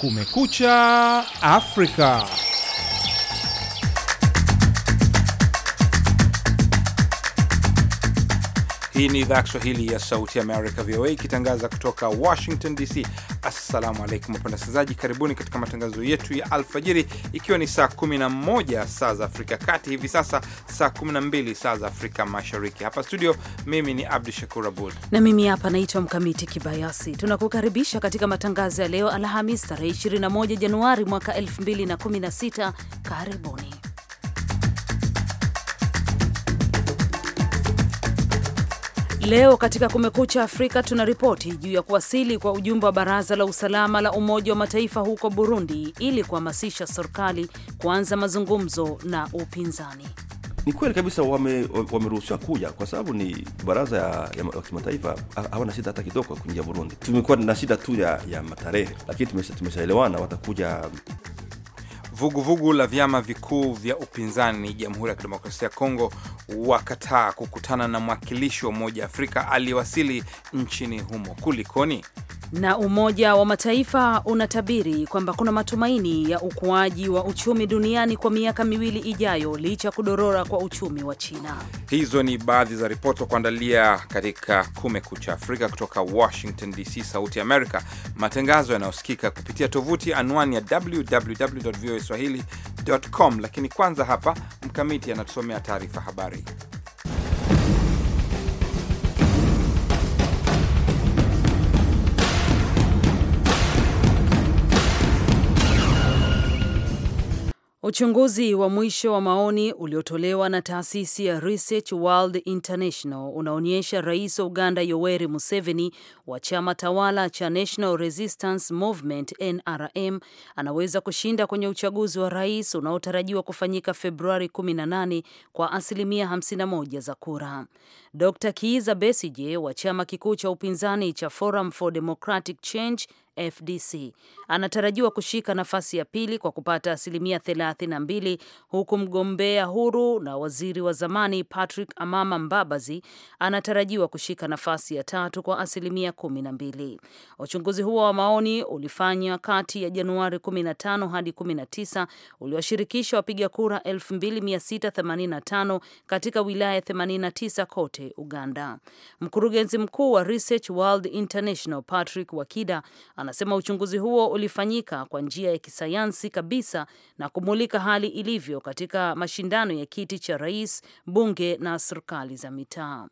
Kumekucha Afrika. Hii ni idhaa Kiswahili ya Sauti ya Amerika, VOA, ikitangaza kutoka Washington DC. Assalamu alaikum wapenda wasikilizaji, karibuni katika matangazo yetu ya alfajiri, ikiwa ni saa 11 saa za Afrika kati hivi sasa, saa 12 saa za Afrika Mashariki. Hapa studio, mimi ni Abdu Shakur Abud na mimi hapa naitwa Mkamiti Kibayasi. Tunakukaribisha katika matangazo ya leo Alhamis tarehe 21 Januari mwaka 2016. Karibuni. Leo katika Kumekucha Afrika tuna ripoti juu ya kuwasili kwa ujumbe wa Baraza la Usalama la Umoja wa Mataifa huko Burundi ili kuhamasisha serikali kuanza mazungumzo na upinzani. Ni kweli kabisa wameruhusiwa wame kuja kwa sababu ni baraza ya, ya, ya kimataifa. Hawana shida hata kidogo kuingia Burundi. Tumekuwa na shida tu ya, ya matarehe, lakini tumeshaelewana watakuja. Vuguvugu vugu la vyama vikuu vya upinzani Jamhuri ya Kidemokrasia ya Kongo wakataa kukutana na mwakilishi wa Umoja Afrika aliyewasili nchini humo. Kulikoni? Na Umoja wa Mataifa unatabiri kwamba kuna matumaini ya ukuaji wa uchumi duniani kwa miaka miwili ijayo licha ya kudorora kwa uchumi wa China. Hizo ni baadhi za ripoti za kuandalia katika Kumekucha Afrika kutoka Washington DC, Sauti Amerika, matangazo yanayosikika kupitia tovuti anwani ya www voa swahili com. Lakini kwanza hapa Mkamiti anatusomea taarifa habari. Uchunguzi wa mwisho wa maoni uliotolewa na taasisi ya Research World International unaonyesha Rais wa Uganda Yoweri Museveni wa chama tawala cha National Resistance Movement NRM anaweza kushinda kwenye uchaguzi wa rais unaotarajiwa kufanyika Februari 18 kwa asilimia 51 za kura. Dr. Kiiza Besije wa chama kikuu cha upinzani cha Forum for Democratic Change FDC anatarajiwa kushika nafasi ya pili kwa kupata asilimia 32 huku mgombea huru na waziri wa zamani Patrick Amama Mbabazi anatarajiwa kushika nafasi ya tatu kwa asilimia 12. Uchunguzi huo wa maoni ulifanywa kati ya Januari 15 hadi 19, uliwashirikisha wapiga kura 2685 katika wilaya 89 kote kote Uganda. Mkurugenzi mkuu wa Research World International Patrick Wakida anasema uchunguzi huo ulifanyika kwa njia ya kisayansi kabisa na kumulika hali ilivyo katika mashindano ya kiti cha rais, bunge na serikali za mitaa.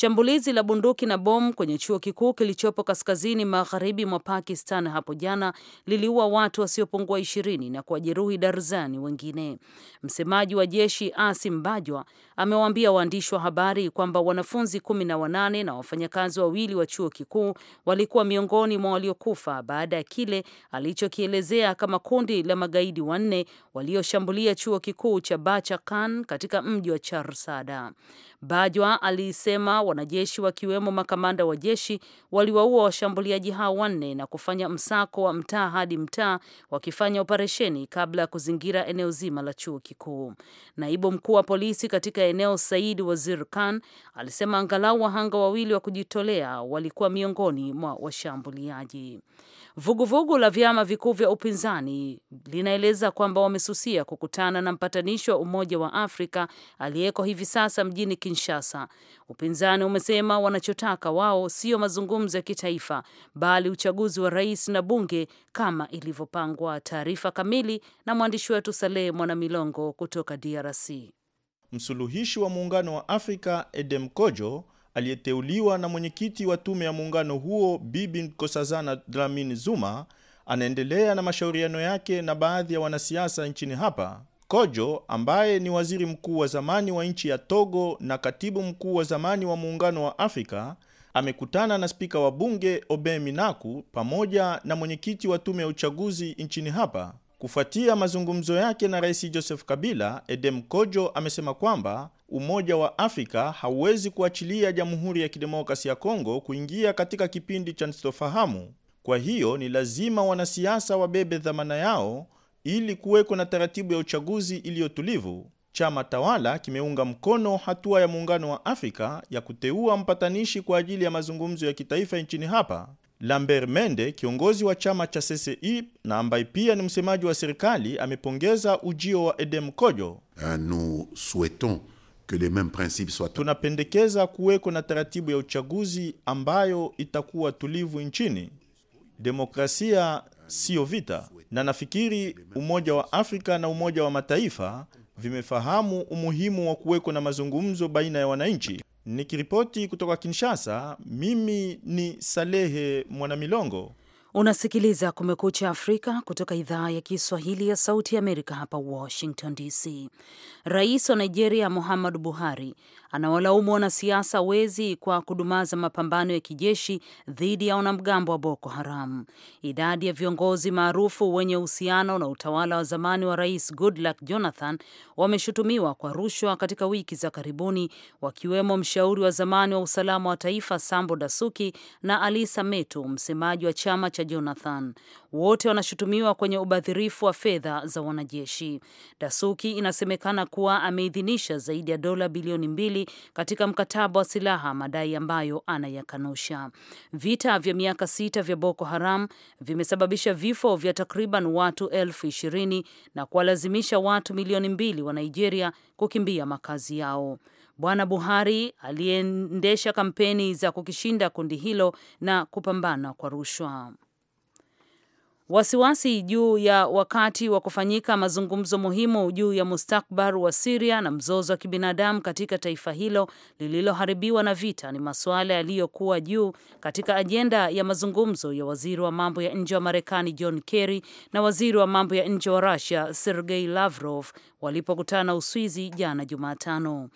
Shambulizi la bunduki na bomu kwenye chuo kikuu kilichopo kaskazini magharibi mwa Pakistan hapo jana liliua watu wasiopungua ishirini na kuwajeruhi darzani wengine. Msemaji wa jeshi Asim Bajwa amewaambia waandishi wa habari kwamba wanafunzi kumi na wanane na wafanyakazi wawili wa chuo kikuu walikuwa miongoni mwa waliokufa baada ya kile alichokielezea kama kundi la magaidi wanne walioshambulia chuo kikuu cha Bacha Khan katika mji wa Charsada. Bajwa alisema wanajeshi wakiwemo makamanda wa jeshi waliwaua washambuliaji hao wanne na kufanya msako wa mtaa hadi mtaa wakifanya operesheni kabla ya kuzingira eneo zima la chuo kikuu. Naibu mkuu wa polisi katika eneo Said Wazir Khan alisema angalau wahanga wawili wa kujitolea walikuwa miongoni mwa washambuliaji. Vuguvugu la vyama vikuu vya upinzani linaeleza kwamba wamesusia kukutana na mpatanishi wa Umoja wa Afrika aliyeko hivi sasa mjini Kinshasa. Upinzani Upinzani umesema wanachotaka wao sio mazungumzo ya kitaifa bali uchaguzi wa rais na bunge kama ilivyopangwa. Taarifa kamili na mwandishi wetu Saleh Mwanamilongo kutoka DRC. Msuluhishi wa Muungano wa Afrika Edem Kojo aliyeteuliwa na mwenyekiti wa tume ya muungano huo Bibi Nkosazana Dlamini Zuma anaendelea na mashauriano yake na baadhi ya wanasiasa nchini hapa Kojo ambaye ni waziri mkuu wa zamani wa nchi ya Togo na katibu mkuu wa zamani wa Muungano wa Afrika amekutana na spika wa bunge Obe Minaku pamoja na mwenyekiti wa tume ya uchaguzi nchini hapa. Kufuatia mazungumzo yake na Rais Joseph Kabila, Edem Kojo amesema kwamba Umoja wa Afrika hauwezi kuachilia Jamhuri ya Kidemokrasia ya Kongo kuingia katika kipindi cha sintofahamu. Kwa hiyo ni lazima wanasiasa wabebe dhamana yao ili kuweko na taratibu ya uchaguzi iliyotulivu, chama tawala kimeunga mkono hatua ya Muungano wa Afrika ya kuteua mpatanishi kwa ajili ya mazungumzo ya kitaifa nchini hapa. Lambert Mende, kiongozi wa chama cha CCI e na ambaye pia ni msemaji wa serikali, amepongeza ujio wa Edem Kojo. Ah, Tunapendekeza kuweko na taratibu ya uchaguzi ambayo itakuwa tulivu nchini. Demokrasia siyo vita na nafikiri Umoja wa Afrika na Umoja wa Mataifa vimefahamu umuhimu wa kuweko na mazungumzo baina ya wananchi. Nikiripoti kutoka Kinshasa, mimi ni Salehe Mwanamilongo. Unasikiliza Kumekucha Afrika kutoka idhaa ya Kiswahili ya Sauti Amerika hapa Washington DC. Rais wa Nigeria Muhammadu Buhari anawalaumu wanasiasa wezi kwa kudumaza mapambano ya kijeshi dhidi ya wanamgambo wa Boko Haram. Idadi ya viongozi maarufu wenye uhusiano na utawala wa zamani wa Rais Goodluck Jonathan wameshutumiwa kwa rushwa katika wiki za karibuni, wakiwemo mshauri wa zamani wa usalama wa taifa Sambo Dasuki na Alisa Metu, msemaji wa chama cha Jonathan. Wote wanashutumiwa kwenye ubadhirifu wa fedha za wanajeshi. Dasuki inasemekana kuwa ameidhinisha zaidi ya dola bilioni mbili Israeli katika mkataba wa silaha, madai ambayo anayakanusha. Vita vya miaka sita vya Boko Haram vimesababisha vifo vya takriban watu elfu ishirini na kuwalazimisha watu milioni mbili wa Nigeria kukimbia makazi yao. Bwana Buhari aliendesha kampeni za kukishinda kundi hilo na kupambana kwa rushwa wasiwasi juu ya wakati wa kufanyika mazungumzo muhimu juu ya mustakbar wa Siria na mzozo wa kibinadamu katika taifa hilo lililoharibiwa na vita ni masuala yaliyokuwa juu katika ajenda ya mazungumzo ya waziri wa mambo ya nje wa Marekani John Kerry na waziri wa mambo ya nje wa rusia Sergei Lavrov walipokutana Uswizi jana Jumatano.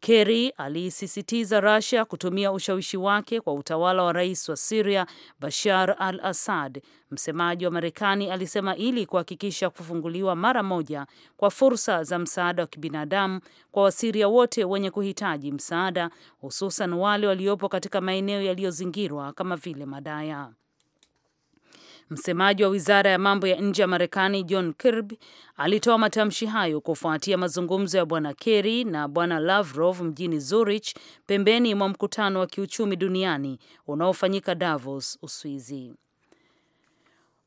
Kerry aliisisitiza Russia kutumia ushawishi wake kwa utawala wa rais wa Syria Bashar al-Assad. Msemaji wa Marekani alisema ili kuhakikisha kufunguliwa mara moja kwa fursa za msaada wa kibinadamu kwa Wasiria wote wenye kuhitaji msaada, hususan wale waliopo katika maeneo yaliyozingirwa kama vile Madaya. Msemaji wa wizara ya mambo ya nje ya Marekani John Kirby alitoa matamshi hayo kufuatia mazungumzo ya Bwana Kerry na Bwana Lavrov mjini Zurich, pembeni mwa mkutano wa kiuchumi duniani unaofanyika Davos, Uswizi.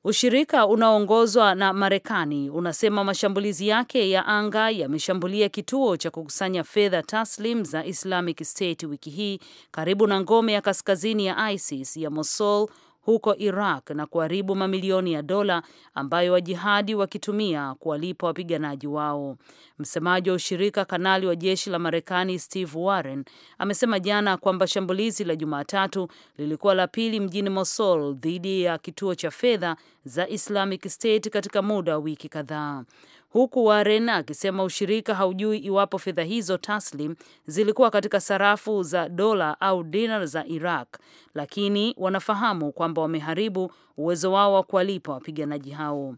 Ushirika unaoongozwa na Marekani unasema mashambulizi yake ya anga yameshambulia kituo cha kukusanya fedha taslim za Islamic State wiki hii karibu na ngome ya kaskazini ya ISIS ya Mosul huko Iraq na kuharibu mamilioni ya dola ambayo wajihadi wakitumia kuwalipa wapiganaji wao. Msemaji wa ushirika kanali wa jeshi la Marekani Steve Warren amesema jana kwamba shambulizi la Jumatatu lilikuwa la pili mjini Mosul dhidi ya kituo cha fedha za Islamic State katika muda wa wiki kadhaa huku Warren akisema ushirika haujui iwapo fedha hizo taslim zilikuwa katika sarafu za dola au dinar za Iraq, lakini wanafahamu kwamba wameharibu uwezo wao wa kuwalipa wapiganaji hao.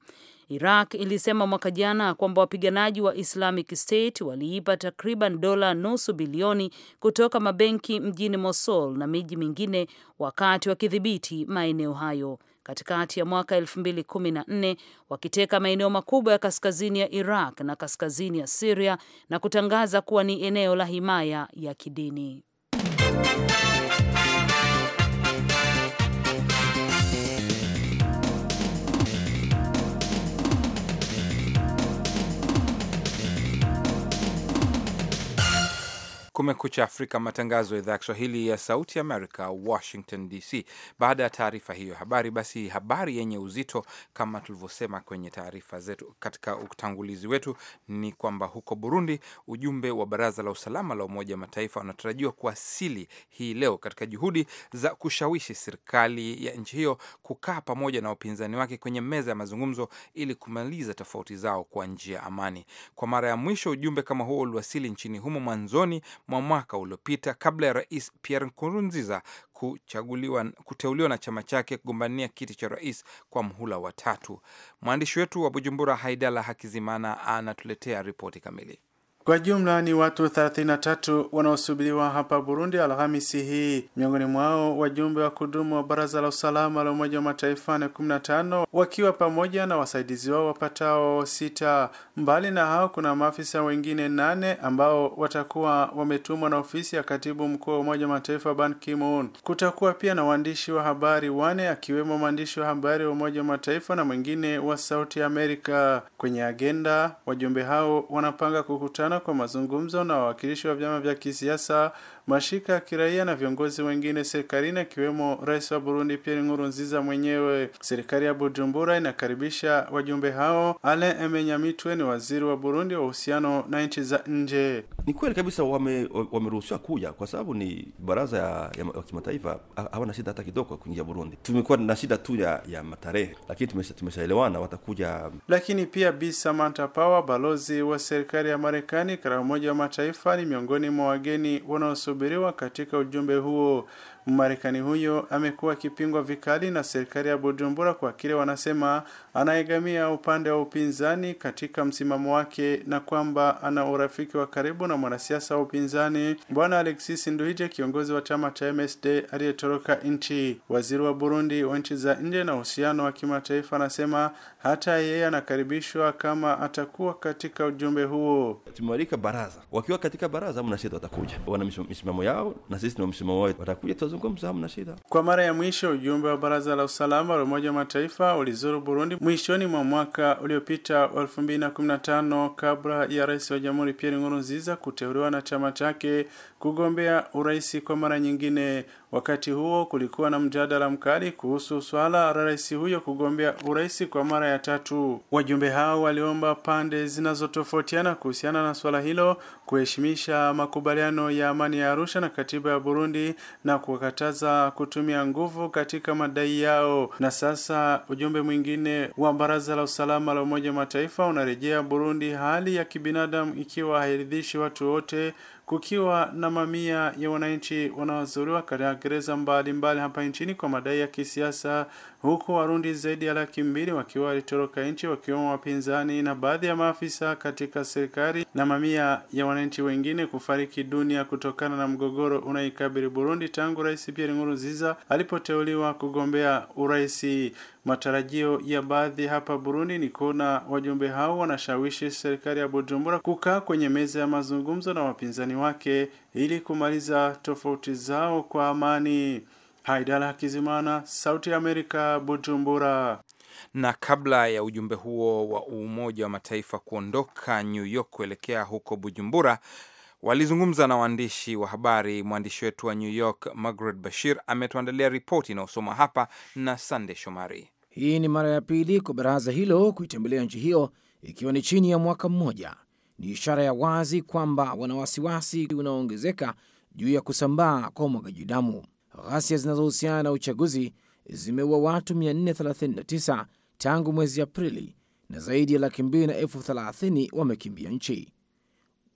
Iraq ilisema mwaka jana kwamba wapiganaji wa Islamic State waliipa takriban dola nusu bilioni kutoka mabenki mjini Mosul na miji mingine wakati wakidhibiti maeneo hayo katikati ya mwaka 2014 wakiteka maeneo makubwa ya kaskazini ya Iraq na kaskazini ya Siria na kutangaza kuwa ni eneo la himaya ya kidini. Kumekucha Afrika, matangazo ya idhaa ya Kiswahili ya Sauti Amerika, Washington DC. Baada ya taarifa hiyo habari, basi habari yenye uzito kama tulivyosema kwenye taarifa zetu katika utangulizi wetu ni kwamba huko Burundi, ujumbe wa Baraza la Usalama la Umoja wa Mataifa unatarajiwa kuwasili hii leo katika juhudi za kushawishi serikali ya nchi hiyo kukaa pamoja na upinzani wake kwenye meza ya mazungumzo ili kumaliza tofauti zao kwa njia ya amani. Kwa mara ya mwisho ujumbe kama huo uliwasili nchini humo mwanzoni mwa mwaka uliopita kabla ya rais Pierre Nkurunziza kuchaguliwa kuteuliwa na chama chake kugombania kiti cha rais kwa mhula wa tatu. Mwandishi wetu wa Bujumbura, Haidala Hakizimana, anatuletea ripoti kamili. Kwa jumla ni watu 33 wanaosubiriwa hapa Burundi Alhamisi hii. Miongoni mwao wajumbe wa kudumu wa Baraza la Usalama la Umoja wa Mataifa na 15 wakiwa pamoja na wasaidizi wao wapatao sita. Mbali na hao kuna maafisa wengine nane ambao watakuwa wametumwa na ofisi ya Katibu Mkuu wa Umoja wa Mataifa Ban Ki-moon. Kutakuwa pia na waandishi wa habari wane akiwemo mwandishi wa habari wa Umoja wa Mataifa na mwingine wa Sauti ya Amerika. Kwenye agenda, wajumbe hao wanapanga kukutana kupatikana kwa mazungumzo na wawakilishi wa vyama vya kisiasa mashirika ya kiraia na viongozi wengine serikalini akiwemo rais wa Burundi Pierre Nkurunziza mwenyewe. Serikali ya Bujumbura inakaribisha wajumbe hao. Ale Emenyamitwe ni waziri wa Burundi wa uhusiano na nchi za nje. Ni kweli kabisa wameruhusiwa wame kuja kwa sababu ni baraza ya, ya, ya kimataifa, hawana shida hata kidogo kuingia Burundi. Tumekuwa na shida tu ya, ya matarehe, lakini tumeshaelewana watakuja. Lakini pia Bi Samantha Power, balozi wa serikali ya Marekani katika Umoja wa Mataifa, ni miongoni mwa wageni wanaos kusubiriwa katika ujumbe huo. Mmarekani huyo amekuwa akipingwa vikali na serikali ya Bujumbura kwa kile wanasema anaegamia upande wa upinzani katika msimamo wake na kwamba ana urafiki wa karibu na mwanasiasa wa upinzani Bwana Alexis Nduhije, kiongozi wa chama cha MSD aliyetoroka nchi. Waziri wa Burundi wa nchi za nje na uhusiano wa kimataifa anasema hata yeye anakaribishwa kama atakuwa katika ujumbe huo. Tumewalika baraza, wakiwa katika baraza mna shida, watakuja, wana misimamo yao na sisi na msimamo wao, watakuja, tutazungumza, mna shida. Kwa mara ya mwisho ujumbe wa baraza la usalama la Umoja wa Mataifa ulizuru Burundi mwishoni mwa mwaka uliopita 2015 kabla ya rais wa jamhuri Pierre Nkurunziza kuteuliwa na chama chake kugombea urais kwa mara nyingine. Wakati huo kulikuwa na mjadala mkali kuhusu swala la rais huyo kugombea urais kwa mara ya tatu. Wajumbe hao waliomba pande zinazotofautiana kuhusiana na swala hilo kuheshimisha makubaliano ya amani ya Arusha na katiba ya Burundi na kuwakataza kutumia nguvu katika madai yao. Na sasa ujumbe mwingine wa Baraza la Usalama la Umoja wa Mataifa unarejea Burundi, hali ya kibinadamu ikiwa hairidhishi watu wote kukiwa na mamia ya wananchi wanaozuriwa katika gereza mbalimbali hapa nchini kwa madai ya kisiasa, huku Warundi zaidi ya laki mbili wakiwa walitoroka nchi wakiwemo wapinzani na baadhi ya maafisa katika serikali na mamia ya wananchi wengine kufariki dunia kutokana na mgogoro unaikabili Burundi tangu Rais Pierre Nkurunziza alipoteuliwa kugombea uraisi. Matarajio ya baadhi hapa Burundi ni kuona wajumbe hao wanashawishi serikali ya Bujumbura kukaa kwenye meza ya mazungumzo na wapinzani wake ili kumaliza tofauti zao kwa amani. Haidala Hakizimana, Sauti ya Amerika, Bujumbura. Na kabla ya ujumbe huo wa Umoja wa Mataifa kuondoka New York kuelekea huko Bujumbura, Walizungumza na waandishi wa habari. Mwandishi wetu wa New York Margaret Bashir ametuandalia ripoti inayosoma hapa na Sande Shomari. Hii ni mara ya pili kwa baraza hilo kuitembelea nchi hiyo ikiwa ni chini ya mwaka mmoja. Ni ishara ya wazi kwamba wana wasiwasi unaoongezeka juu ya kusambaa kwa umwagaji damu. Ghasia zinazohusiana na uchaguzi zimeua watu 439 tangu mwezi Aprili na zaidi ya laki mbili na elfu thelathini wamekimbia nchi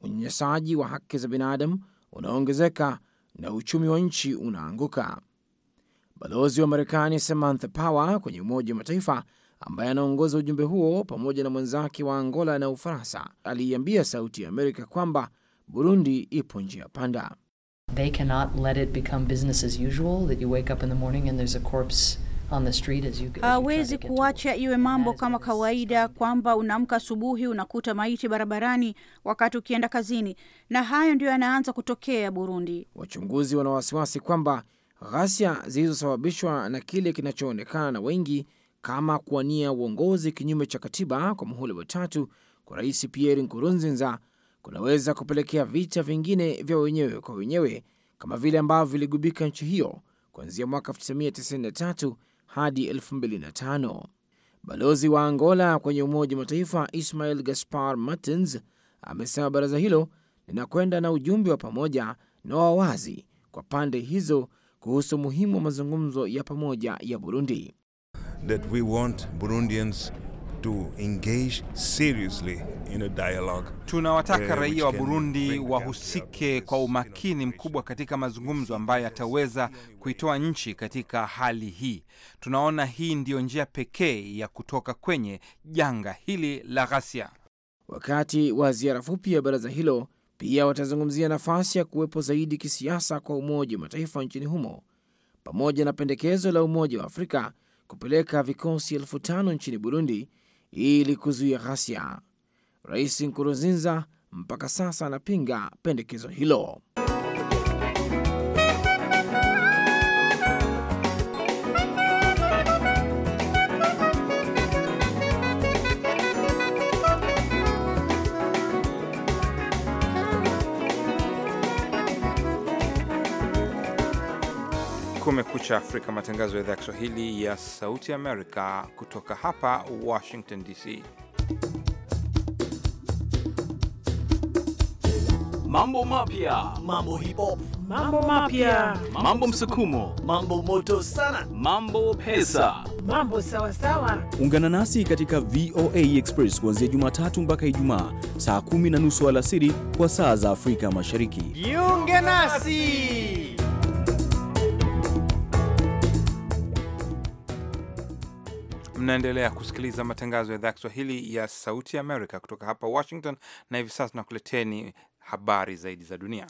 unyanyasaji wa haki za binadamu unaongezeka na uchumi wa nchi unaanguka. Balozi wa Marekani Samantha Power kwenye Umoja wa Mataifa, ambaye anaongoza ujumbe huo pamoja na mwenzake wa Angola na Ufaransa, aliiambia Sauti ya Amerika kwamba Burundi ipo njia panda. They cannot let it become business as usual that you wake up in the morning and there's a corpse hawezi ah, kuacha iwe mambo kama kawaida kwamba unaamka asubuhi unakuta maiti barabarani wakati ukienda kazini, na hayo ndiyo yanaanza kutokea Burundi. Wachunguzi wana wasiwasi kwamba ghasia zilizosababishwa na kile kinachoonekana na wengi kama kuwania uongozi kinyume cha katiba kwa muhula wa tatu kwa Rais Pierre Nkurunziza kunaweza kupelekea vita vingine vya wenyewe kwa wenyewe kama vile ambavyo viligubika nchi hiyo kuanzia mwaka 1993 hadi 2005. Balozi wa Angola kwenye Umoja wa Mataifa Ismail Gaspar Martins amesema baraza hilo linakwenda na ujumbe wa pamoja na wa wazi kwa pande hizo kuhusu umuhimu wa mazungumzo ya pamoja ya Burundi. That we want Burundians to engage seriously in a dialogue. Tunawataka raia wa Burundi wahusike kwa umakini mkubwa katika mazungumzo ambayo yataweza kuitoa nchi katika hali hii. Tunaona hii ndiyo njia pekee ya kutoka kwenye janga hili la ghasia. Wakati wa ziara fupi ya baraza hilo, pia watazungumzia nafasi ya kuwepo zaidi kisiasa kwa Umoja wa Mataifa nchini humo pamoja na pendekezo la Umoja wa Afrika kupeleka vikosi elfu tano nchini Burundi ili kuzuia ghasia. Rais Nkurunziza mpaka sasa anapinga pendekezo hilo. Kumekucha Afrika, matangazo ya idhaa ya Kiswahili ya Sauti Amerika kutoka hapa Washington DC. Mambo mapya, mambo hip hop, mambo mapya, mambo msukumo, mambo moto sana, mambo pesa, mambo sawasawa. Ungana nasi katika VOA Express kuanzia Jumatatu mpaka Ijumaa saa kumi na nusu alasiri kwa saa za Afrika Mashariki. Jiunge nasi. Mnaendelea kusikiliza matangazo ya idhaa ya Kiswahili ya Sauti ya Amerika kutoka hapa Washington, na hivi sasa tunakuleteni habari zaidi za dunia.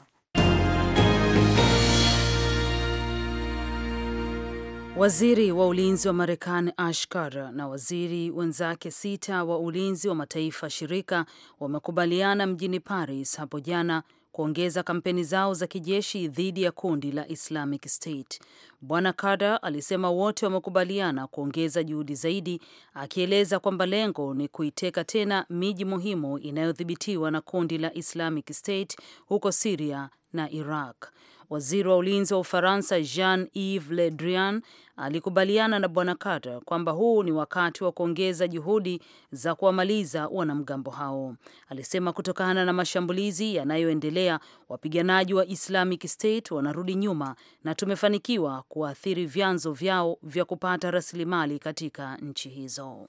Waziri wa ulinzi wa Marekani Ash Carter na waziri wenzake sita wa ulinzi wa mataifa shirika wamekubaliana mjini Paris hapo jana kuongeza kampeni zao za kijeshi dhidi ya kundi la Islamic State. Bwana Kada alisema wote wamekubaliana kuongeza juhudi zaidi, akieleza kwamba lengo ni kuiteka tena miji muhimu inayodhibitiwa na kundi la Islamic State huko Siria na Iraq. Waziri wa ulinzi wa Ufaransa Jean Yves Le Drian alikubaliana na Bwana Carter kwamba huu ni wakati wa kuongeza juhudi za kuwamaliza wanamgambo hao. Alisema kutokana na mashambulizi yanayoendelea, wapiganaji wa Islamic State wanarudi nyuma na tumefanikiwa kuathiri vyanzo vyao vya kupata rasilimali katika nchi hizo.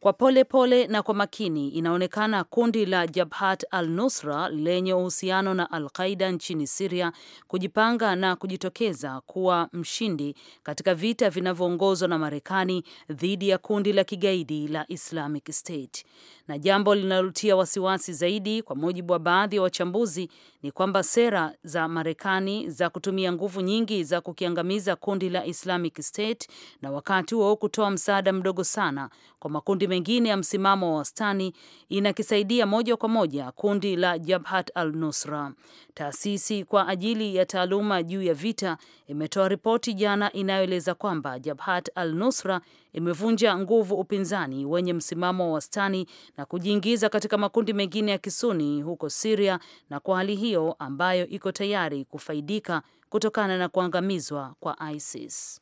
Kwa polepole pole na kwa makini, inaonekana kundi la Jabhat al-Nusra lenye uhusiano na al-Qaida nchini Siria kujipanga na kujitokeza kuwa mshindi katika vita vinavyoongozwa na Marekani dhidi ya kundi la kigaidi la Islamic State. Na jambo linalotia wasiwasi zaidi, kwa mujibu wa baadhi ya wa wachambuzi, ni kwamba sera za Marekani za kutumia nguvu nyingi za kukiangamiza kundi la Islamic State na wakati huo kutoa msaada mdogo sana kwa makundi mengine ya msimamo wa wastani inakisaidia moja kwa moja kundi la Jabhat al-Nusra. Taasisi kwa ajili ya taaluma juu ya vita imetoa ripoti jana inayoeleza kwamba Jabhat al-Nusra imevunja nguvu upinzani wenye msimamo wa wastani na kujiingiza katika makundi mengine ya kisuni huko siria na kwa hali hiyo ambayo iko tayari kufaidika kutokana na kuangamizwa kwa ISIS.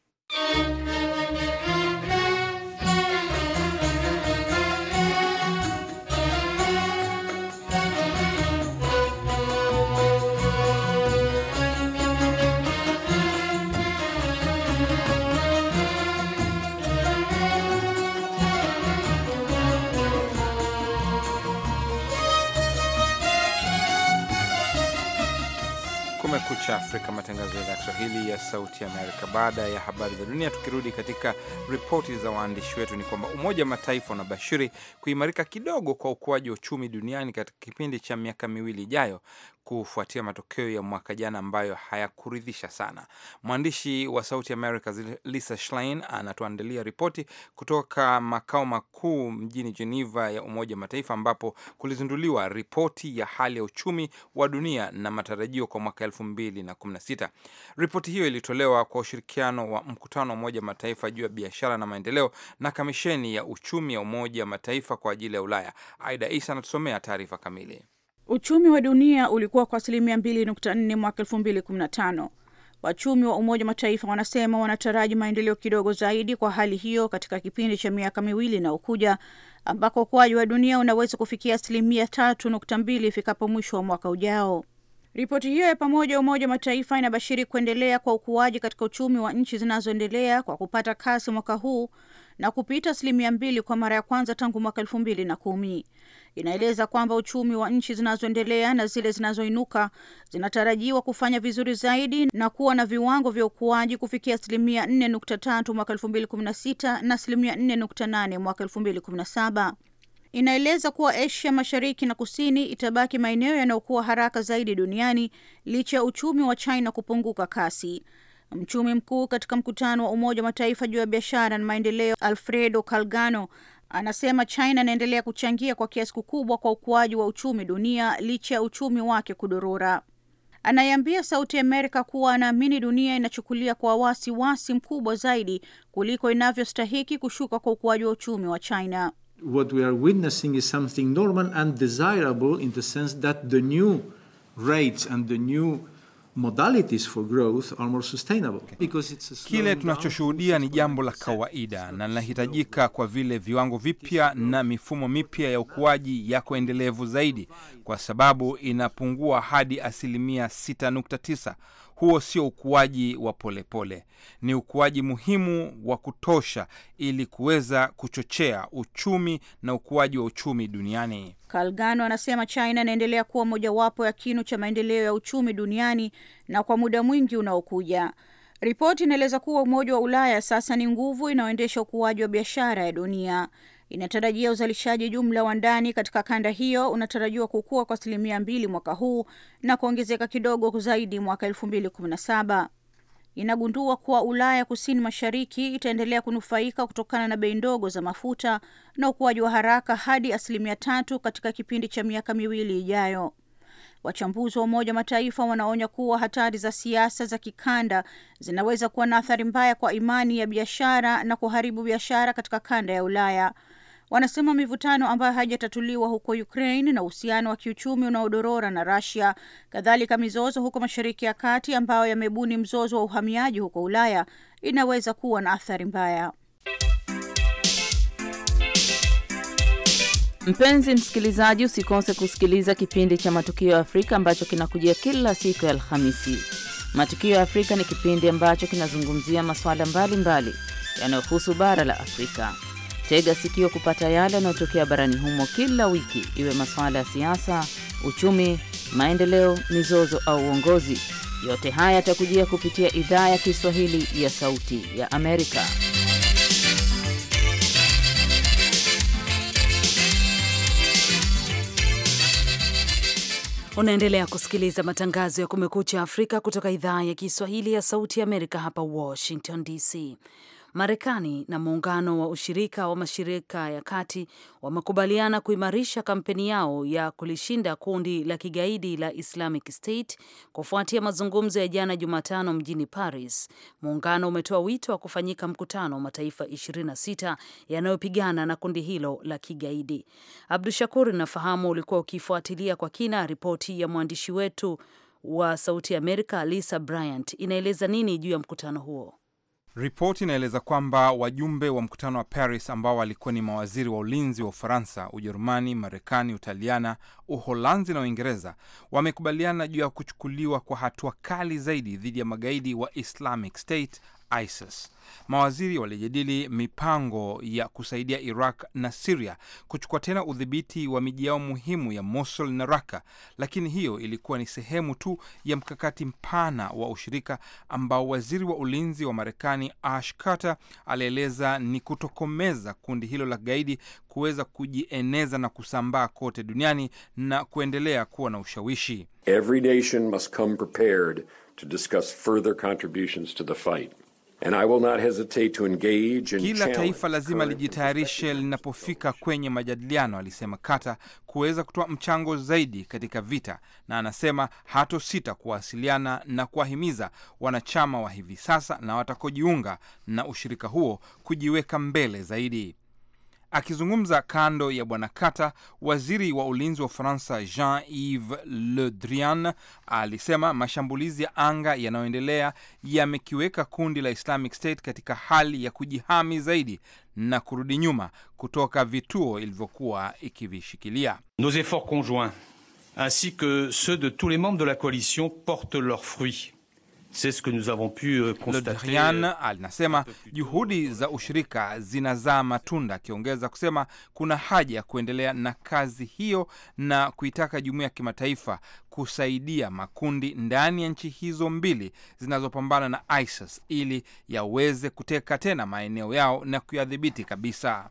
Afrika, matangazo ya idhaa Kiswahili ya Sauti Amerika. Baada ya habari za dunia, tukirudi katika ripoti za waandishi wetu, ni kwamba Umoja wa Mataifa unabashiri kuimarika kidogo kwa ukuaji wa uchumi duniani katika kipindi cha miaka miwili ijayo kufuatia matokeo ya mwaka jana ambayo hayakuridhisha sana. Mwandishi wa Sauti America Lisa Schlein anatuandalia ripoti kutoka makao makuu mjini Geneva ya Umoja wa Mataifa, ambapo kulizinduliwa ripoti ya hali ya uchumi wa dunia na matarajio kwa mwaka elfu sita. Ripoti hiyo ilitolewa kwa ushirikiano wa mkutano wa Umoja wa Mataifa juu ya biashara na maendeleo na kamisheni ya uchumi ya Umoja wa Mataifa kwa ajili ya Ulaya. Aida Isa anatusomea taarifa kamili. Uchumi wa dunia ulikuwa kwa asilimia 2.4 mwaka 2015. Wachumi wa Umoja wa Mataifa wanasema wanataraji maendeleo kidogo zaidi kwa hali hiyo katika kipindi cha miaka miwili inayokuja, ambako ukuaji wa dunia unaweza kufikia asilimia tatu nukta ifikapo mwisho wa mwaka ujao. Ripoti hiyo ya pamoja ya Umoja wa Mataifa inabashiri kuendelea kwa ukuaji katika uchumi wa nchi zinazoendelea kwa kupata kasi mwaka huu na kupita asilimia mbili kwa mara ya kwanza tangu mwaka elfu mbili na kumi. Inaeleza kwamba uchumi wa nchi zinazoendelea na zile zinazoinuka zinatarajiwa kufanya vizuri zaidi na kuwa na viwango vya ukuaji kufikia asilimia 4.3 mwaka 2016 na asilimia 4.8 mwaka 2017. Inaeleza kuwa Asia Mashariki na Kusini itabaki maeneo yanayokuwa haraka zaidi duniani licha ya uchumi wa China kupunguka kasi. Mchumi mkuu katika mkutano wa Umoja wa Mataifa juu ya biashara na maendeleo, Alfredo Calgano anasema China inaendelea kuchangia kwa kiasi kikubwa kwa ukuaji wa uchumi dunia licha ya uchumi wake kudorora. Anaiambia Sauti Amerika kuwa anaamini dunia inachukulia kwa wasiwasi mkubwa zaidi kuliko inavyostahiki kushuka kwa ukuaji wa uchumi wa China. What we are witnessing is something normal and desirable in the sense that the new rates and the new kile tunachoshuhudia ni jambo la kawaida na linahitajika kwa vile viwango vipya na mifumo mipya ya ukuaji yako endelevu zaidi, kwa sababu inapungua hadi asilimia 6.9 huo sio ukuaji wa polepole pole. Ni ukuaji muhimu wa kutosha ili kuweza kuchochea uchumi na ukuaji wa uchumi duniani. Kalgano anasema China inaendelea kuwa mojawapo ya kinu cha maendeleo ya uchumi duniani na kwa muda mwingi unaokuja. Ripoti inaeleza kuwa Umoja wa Ulaya sasa ni nguvu inayoendesha ukuaji wa biashara ya dunia inatarajia uzalishaji jumla wa ndani katika kanda hiyo unatarajiwa kukua kwa asilimia mbili mwaka huu na kuongezeka kidogo zaidi mwaka elfu mbili kumi na saba. Inagundua kuwa Ulaya kusini mashariki itaendelea kunufaika kutokana na bei ndogo za mafuta na ukuaji wa haraka hadi asilimia tatu katika kipindi cha miaka miwili ijayo. Wachambuzi wa Umoja Mataifa wanaonya kuwa hatari za siasa za kikanda zinaweza kuwa na athari mbaya kwa imani ya biashara na kuharibu biashara katika kanda ya Ulaya wanasema mivutano ambayo haijatatuliwa huko Ukraine na uhusiano wa kiuchumi unaodorora na Russia, kadhalika mizozo huko Mashariki ya Kati ambayo yamebuni mzozo wa uhamiaji huko Ulaya, inaweza kuwa na athari mbaya. Mpenzi msikilizaji, usikose kusikiliza kipindi cha Matukio ya Afrika ambacho kinakujia kila siku ya Alhamisi. Matukio ya Afrika ni kipindi ambacho kinazungumzia masuala mbalimbali yanayohusu bara la Afrika. Tega sikio kupata yale yanayotokea barani humo kila wiki, iwe masuala ya siasa, uchumi, maendeleo, mizozo au uongozi. Yote haya yatakujia kupitia idhaa ya Kiswahili ya Sauti ya Amerika. Unaendelea kusikiliza matangazo ya Kumekucha Afrika kutoka idhaa ya Kiswahili ya Sauti ya Amerika hapa Washington DC. Marekani na muungano wa ushirika wa mashirika ya kati wamekubaliana kuimarisha kampeni yao ya kulishinda kundi la kigaidi la Islamic State kufuatia mazungumzo ya jana Jumatano mjini Paris. Muungano umetoa wito wa kufanyika mkutano wa mataifa 26 yanayopigana na kundi hilo la kigaidi. Abdu Shakur, nafahamu ulikuwa ukifuatilia kwa kina ripoti ya mwandishi wetu wa Sauti Amerika Lisa Bryant. Inaeleza nini juu ya mkutano huo? Ripoti inaeleza kwamba wajumbe wa mkutano wa Paris ambao walikuwa ni mawaziri wa ulinzi wa Ufaransa, Ujerumani, Marekani, Utaliana, Uholanzi na Uingereza wamekubaliana juu ya kuchukuliwa kwa hatua kali zaidi dhidi ya magaidi wa Islamic State ISIS. Mawaziri walijadili mipango ya kusaidia Iraq na Siria kuchukua tena udhibiti wa miji yao muhimu ya Mosul na Raka, lakini hiyo ilikuwa ni sehemu tu ya mkakati mpana wa ushirika ambao waziri wa ulinzi wa Marekani Ash Carter alieleza ni kutokomeza kundi hilo la gaidi kuweza kujieneza na kusambaa kote duniani na kuendelea kuwa na ushawishi. Every nation must come prepared to discuss further contributions to the fight. Kila taifa lazima lijitayarishe linapofika kwenye majadiliano, alisema kata kuweza kutoa mchango zaidi katika vita, na anasema hatosita kuwasiliana na kuwahimiza wanachama wa hivi sasa na watakojiunga na ushirika huo kujiweka mbele zaidi. Akizungumza kando ya bwana Kata, waziri wa ulinzi wa Ufaransa Jean Yves Le Drian alisema mashambulizi ya anga yanayoendelea yamekiweka kundi la Islamic State katika hali ya kujihami zaidi na kurudi nyuma kutoka vituo ilivyokuwa ikivishikilia. Nos efforts conjoints ainsi que ceux de tous les membres de la coalition portent leurs fruits Euh, Lodrian euh, anasema juhudi za ushirika zinazaa matunda, akiongeza kusema kuna haja ya kuendelea na kazi hiyo na kuitaka jumuiya ya kimataifa kusaidia makundi ndani ya nchi hizo mbili zinazopambana na ISIS ili yaweze kuteka tena maeneo yao na kuyadhibiti kabisa.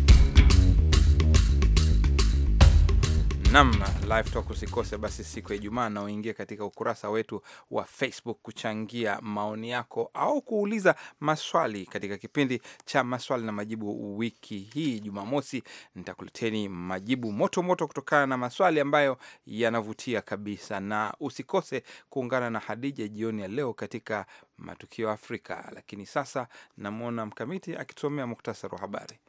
Nam live talk usikose basi siku ya Ijumaa, na uingie katika ukurasa wetu wa Facebook kuchangia maoni yako au kuuliza maswali katika kipindi cha maswali na majibu. Wiki hii Jumamosi nitakuleteni majibu moto moto kutokana na maswali ambayo yanavutia kabisa, na usikose kuungana na Hadija jioni ya leo katika matukio ya Afrika. Lakini sasa namwona Mkamiti akitusomea muktasari wa habari.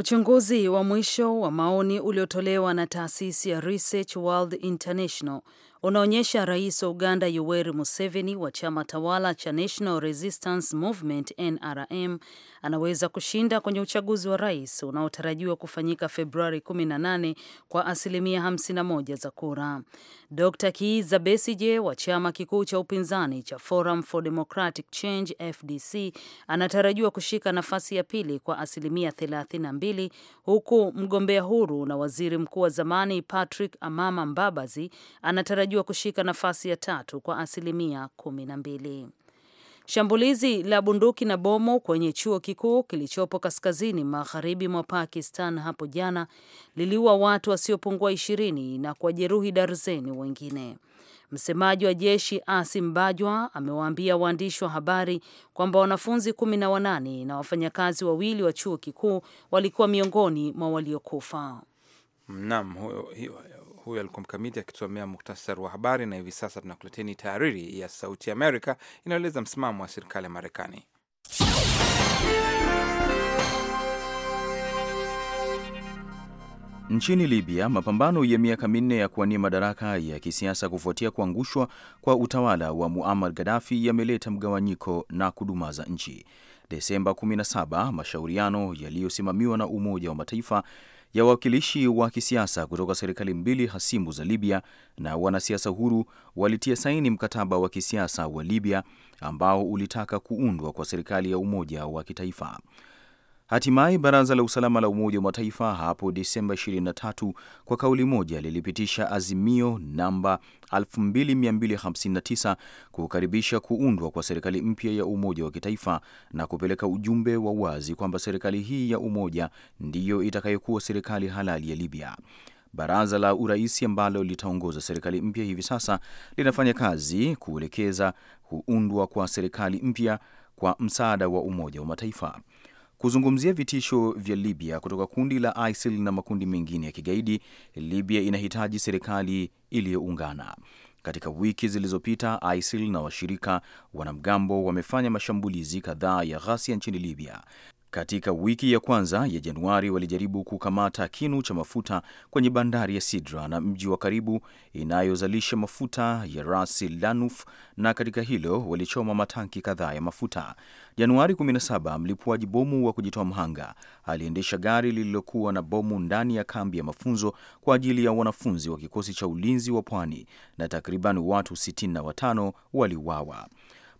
Uchunguzi wa mwisho wa maoni uliotolewa na taasisi ya Research World International unaonyesha rais wa Uganda Yoweri Museveni wa chama tawala cha National Resistance Movement NRM anaweza kushinda kwenye uchaguzi wa rais unaotarajiwa kufanyika Februari 18 kwa asilimia 51 za kura. Dr Kiiza Besije wa chama kikuu cha upinzani cha Forum for Democratic Change FDC anatarajiwa kushika nafasi ya pili kwa asilimia 32, huku mgombea huru na waziri mkuu wa zamani Patrick Amama Mbabazi anatarajiwa kushika nafasi ya tatu kwa asilimia na mbili Shambulizi la bunduki na bomu kwenye chuo kikuu kilichopo kaskazini magharibi mwa Pakistan hapo jana liliua watu wasiopungua ishirini na kuwajeruhi darzeni wengine. Msemaji wa jeshi Asim Bajwa amewaambia waandishi wa habari kwamba wanafunzi kumi na wanane na wafanyakazi wawili wa chuo kikuu walikuwa miongoni mwa waliokufa. Naam, huyo alikuwa mkamiti akitusomea muktasari wa habari, na hivi sasa tunakuleteni tahariri ya Sauti Amerika inayoeleza msimamo wa serikali ya Marekani. Nchini Libya, mapambano ya miaka minne ya kuwania madaraka ya kisiasa kufuatia kuangushwa kwa utawala wa Muammar Gaddafi yameleta mgawanyiko na kudumaza nchi. Desemba 17, mashauriano yaliyosimamiwa na Umoja wa Mataifa ya wawakilishi wa kisiasa kutoka serikali mbili hasimu za Libya na wanasiasa huru walitia saini mkataba wa kisiasa wa Libya ambao ulitaka kuundwa kwa serikali ya umoja wa kitaifa. Hatimaye Baraza la Usalama la Umoja wa Mataifa hapo disemba 23 kwa kauli moja lilipitisha azimio namba 2259 kukaribisha kuundwa kwa serikali mpya ya umoja wa kitaifa na kupeleka ujumbe wa wazi kwamba serikali hii ya umoja ndiyo itakayokuwa serikali halali ya Libya. Baraza la Uraisi ambalo litaongoza serikali mpya hivi sasa linafanya kazi kuelekeza kuundwa kwa serikali mpya kwa msaada wa Umoja wa Mataifa. Kuzungumzia vitisho vya Libya kutoka kundi la ISIL na makundi mengine ya kigaidi, Libya inahitaji serikali iliyoungana. Katika wiki zilizopita, ISIL na washirika wanamgambo wamefanya mashambulizi kadhaa ya ghasia nchini Libya. Katika wiki ya kwanza ya Januari walijaribu kukamata kinu cha mafuta kwenye bandari ya Sidra na mji wa karibu inayozalisha mafuta ya rasi Lanuf, na katika hilo walichoma matanki kadhaa ya mafuta. Januari 17, mlipuaji bomu wa kujitoa mhanga aliendesha gari lililokuwa na bomu ndani ya kambi ya mafunzo kwa ajili ya wanafunzi wa kikosi cha ulinzi wa pwani na takriban watu 65 waliuawa.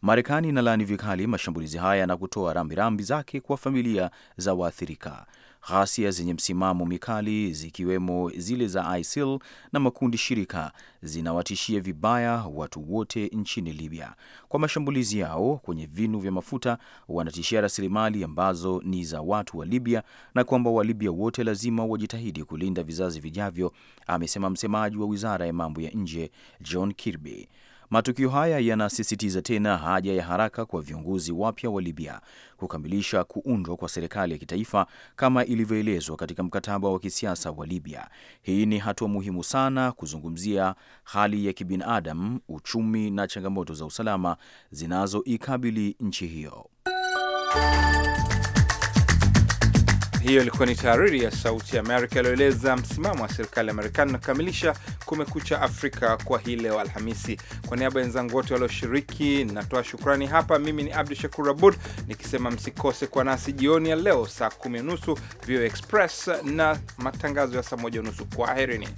Marekani inalaani vikali mashambulizi haya na kutoa rambirambi zake kwa familia za waathirika. Ghasia zenye msimamo mikali zikiwemo zile za ISIL na makundi shirika zinawatishia vibaya watu wote nchini Libya. Kwa mashambulizi yao kwenye vinu vya mafuta, wanatishia rasilimali ambazo ni za watu wa Libya na kwamba Walibya wote lazima wajitahidi kulinda vizazi vijavyo, amesema msemaji wa wizara ya mambo ya nje John Kirby. Matukio haya yanasisitiza tena haja ya haraka kwa viongozi wapya wa Libya kukamilisha kuundwa kwa serikali ya kitaifa kama ilivyoelezwa katika mkataba wa kisiasa wa Libya. Hii ni hatua muhimu sana kuzungumzia hali ya kibinadamu, uchumi na changamoto za usalama zinazoikabili nchi hiyo. Hiyo ilikuwa ni tahariri ya Sauti ya Amerika iliyoeleza msimamo wa serikali ya Marekani na kukamilisha Kumekucha Afrika kwa hii leo Alhamisi. Kwa niaba ya wenzangu wote walioshiriki, natoa shukrani hapa. Mimi ni Abdu Shakur Abud nikisema msikose kwa nasi jioni ya leo saa kumi nusu VOA Express na matangazo ya saa moja nusu. Kwaherini.